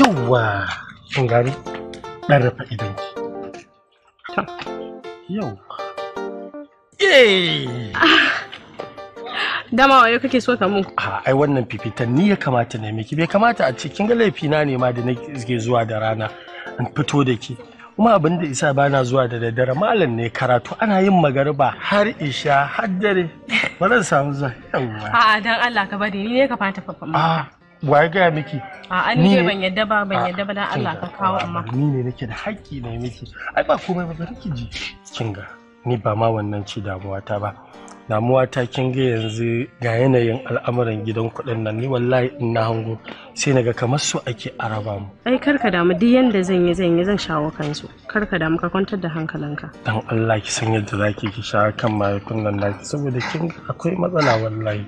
yauwa sun gano dan rufe idan ki yauwa eh! ah, dama wayo kake so ka mun a ah, ai wannan fifitan ni ya kamata ne miki bai kamata a cikin ga laifi na ne ma da nake zuwa da rana in fito da ki kuma abin da isa bana zuwa da daddare malam ne karatu ana yin magariba har isha har dare ba zan samu zai yauwa a'a dan Allah ka bari ni ne ka fata fafa wa ya gaya miki a an je ban yadda ba ban yadda ba dan Allah ka kawo amma ni ne nake da haƙƙi ne miki ai ba komai ba bari ki ji kin ga ni ba ma wannan ci damuwa ta ba damuwa ta kin ga yanzu ga yanayin al'amuran gidan kuɗin nan ni wallahi in na hango sai naga kamar su ake araba mu ai karka damu duk yanda zan yi zan yi zan shawo kansu karka damu ka kwantar da hankalinka dan Allah ki san yadda zaki ki shawo kan mahaifin nan naki saboda kin akwai matsala wallahi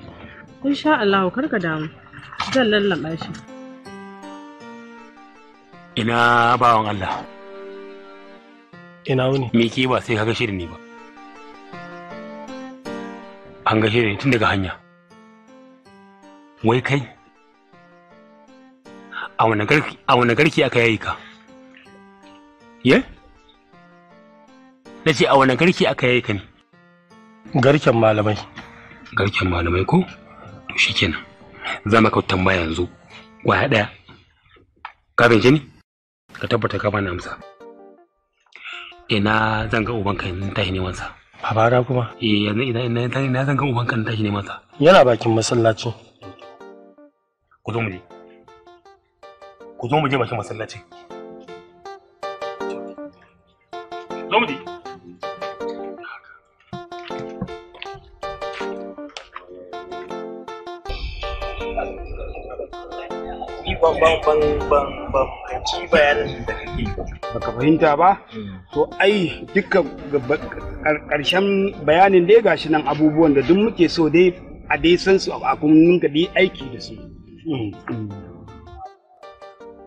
insha Allah karka damu zan lallaba shi ina bawan Allah ina wuni me ke ba sai ka gashi da ni ba an gashi da ni tun daga hanya wai kai a wani garki aka yayi ka ye na ce a wani garki aka yayi ka ne garken malamai garken malamai ko to kenan. za maka tambaya yanzu kwaya ɗaya ka fahimce ni ka tabbata ka bani amsa ina zan ga ubanka in tashi neman sa a bara kuma eh yanzu ina ina ina zan ga ubanka in tashi neman sa yana bakin masallaci ku zo mu je ku zo mu je bakin masallaci zo mu je ban ban ban ban bayanin da kake baka fahimta ba hmm. to ai duka ƙarshen bayanin dai gashi nan abubuwan da duk muke so dai a dai san su a kuma ninka dai aiki da su hmm.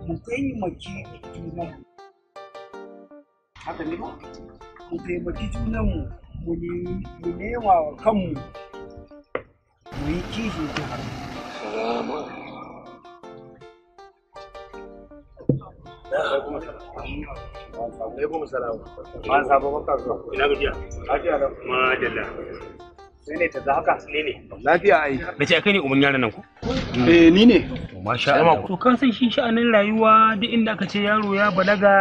mu taimaki junan haka ne ba mu taimaki junan mu mu nema kanmu mu yi kishin jihar harkar. alaikum lafiya ne ta ne ai da ce kai ne yaran nan ku eh ni ne to masha Allah to kan san shi sha'anin rayuwa duk inda aka ce yaro ya balaga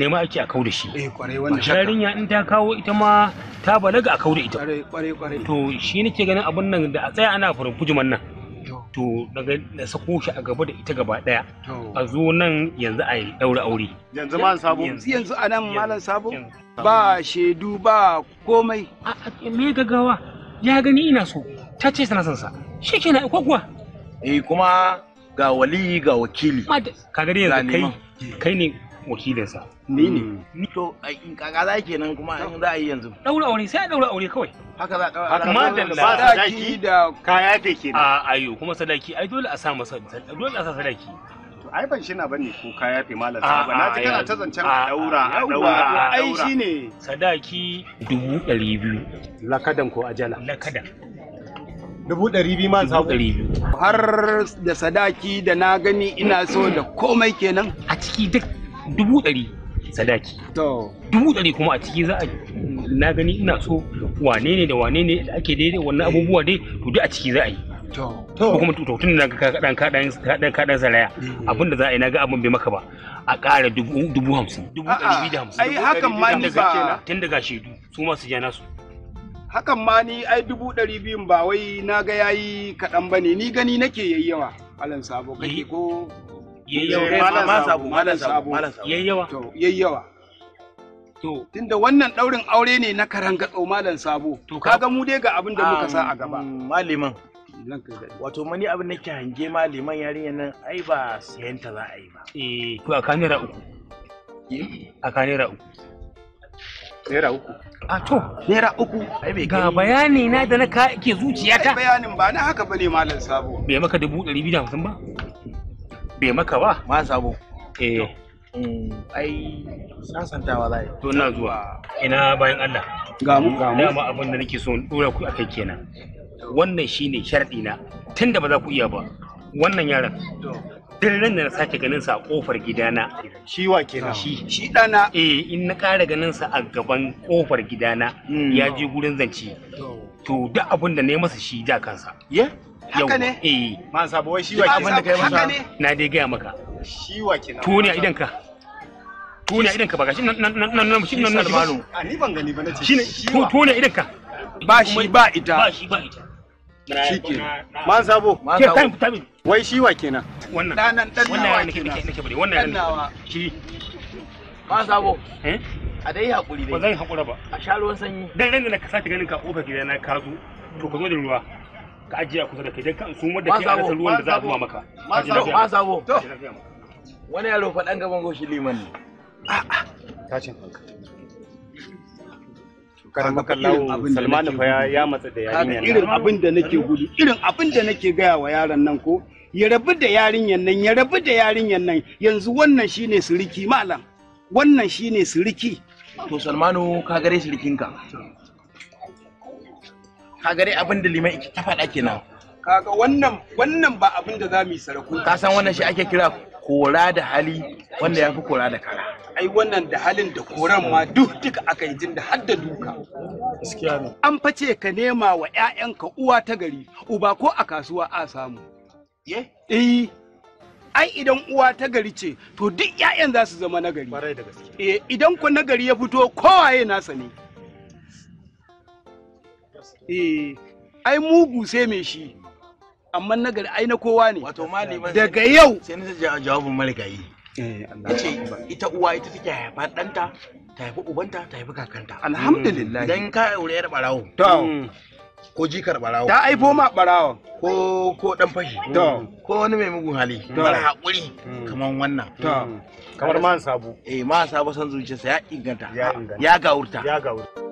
nema ake a kau da shi eh kwarai wannan yarinya in ta kawo ita ma ta balaga a kau da ita kwarai kwarai to shi nake ganin abin nan da a tsaya ana furin fujuman nan to daga na sako shi a gaba da ita gaba daya a zo nan yanzu a yi daura aure yanzu malam sabo yanzu a nan malam sabo ba shaidu ba komai a me gagawa ya gani ina so ta ce sana son sa shi ke na kwakwa eh kuma ga wali ga wakili kaga yanzu kai kai ne wakilinsa ne mm. ne to in kaga za kenan kuma in za a yi yanzu daura aure sai a daura aure kawai haka za a kawai haka ma da sadaki da kaya da kenan a ayo kuma sadaki ai dole a sa masa dole a sa sadaki ai ban shi na bane ko kaya fi malam ba na ji kana ta zancen a daura a daura ai shine sadaki dubu ɗari biyu lakadan ko ajala lakadan dubu ɗari biyu man sabu ɗari biyu har da sadaki da na gani ina so da komai kenan a ciki duk dubu ɗari sadaki dubu ɗari kuma a ciki za a na gani ina so wane ne da wane ne da ake daidai wannan abubuwa dai to duk a ciki za a yi To kuma to tun ka kaɗan kaɗan kaɗan saraya mm-hmm. abinda da za a yi na ga abin bai maka ba a ƙara dubu hamsin dubu ɗari biyu da hamsin ai hakan ma ni ba tun daga shaidu su ma su ja su hakan ma ni ai dubu ɗari biyun ba wai na ga yayi kaɗan ba ne ni gani nake yayyawa alan sabo kake eh. ko yayyawa eh, malam to tunda wannan daurin aure ne na tsawo malam sabo to kaga mu dai ga abin da muka sa a gaba maliman wato mani abin da ke hange maliman yarinyar nan ai ba sayan ta za a yi ba eh to a naira uku a kanira uku Naira uku. A to, Naira uku. Ga bayani na da na ke zuciyata. Bayanin ba na haka bane malam sabo. Bai maka dubu ɗari biyu da hamsin ba? bai maka ba ma sabo eh um, ai sasantawa zai to na zuwa ina bayan Allah ga mu ga mu dama abin da nake so in dora ku akai kenan wannan shine sharɗi na tunda ba za ku iya ba wannan yaron duk ran da na sake ganin sa a kofar gidana shi wa kenan shi shi dana eh in na ƙara ganin sa a gaban kofar gidana mm. ya je gurin zance to duk abin da na yi masa shi da kansa yeah haka ne eh man sabo wai shi wake abin da kai masa na dai gaya maka na tuni a idan ka tuni a idan ka ba shi nan nan nan shi nan nan a ni ban gani ba nace shi tuni a idan ka ba shi ba ita ba shi ba ita shike man sabo ke fita wai shi wake na wannan dan nan dan nawa nake nake bare wannan shi man sabo eh a dai hakuri dai ba zan hakura ba a sha ruwan sanyi dan ran da ka sace ganin ka kofar gidana ka zo to ka zo da ruwa ka ajiya kusa da kai don kan mu da kai a ruwan da za a zuwa maka ma sabo wani yaro faɗan gaban goshi liman ne tashin hankali karamakallahu salmanu fa ya matsa da yarinyar irin abin da nake gudu irin abin da nake gaya wa yaron nan ko ya rabu da yarinyar nan ya rabu da yarinyar nan yanzu wannan shine siriki malam wannan shine siriki to salmanu ka gare sirikinka kaga dai abin da liman yake ta faɗa kenan kaga wannan wannan ba abin da zamu yi saraku ka san wannan shi ake kira kora da hali wanda ya fi kora da kara ai wannan da halin da koran ma duk duka aka yi jin da har da duka gaskiya ne an face ka nema wa ƴaƴanka uwa ta gari uba ko a kasuwa a samu ye eh ai idan uwa ta gari ce to duk ƴaƴan za su zama nagari. gari da gaskiya eh idan na nagari ya fito kowaye nasa ne Eh. ai mugu sai mai shi amma na gari ai na kowa ne wato maliman daga yau sai na ji jawabin marigayi eh ita uwa ita take haifa ɗanta, ta haifi ubanta ta haifi kakanta alhamdulillah dan ka aure yar barawo to ko jikar barawo ta aifo ma barawo ko ko dan fashi to ko wani mai mugun hali mara hakuri mm. kaman wannan to kamar man sabu eh man sabu san zuciyarsa ya inganta ya gaurta ya gaurta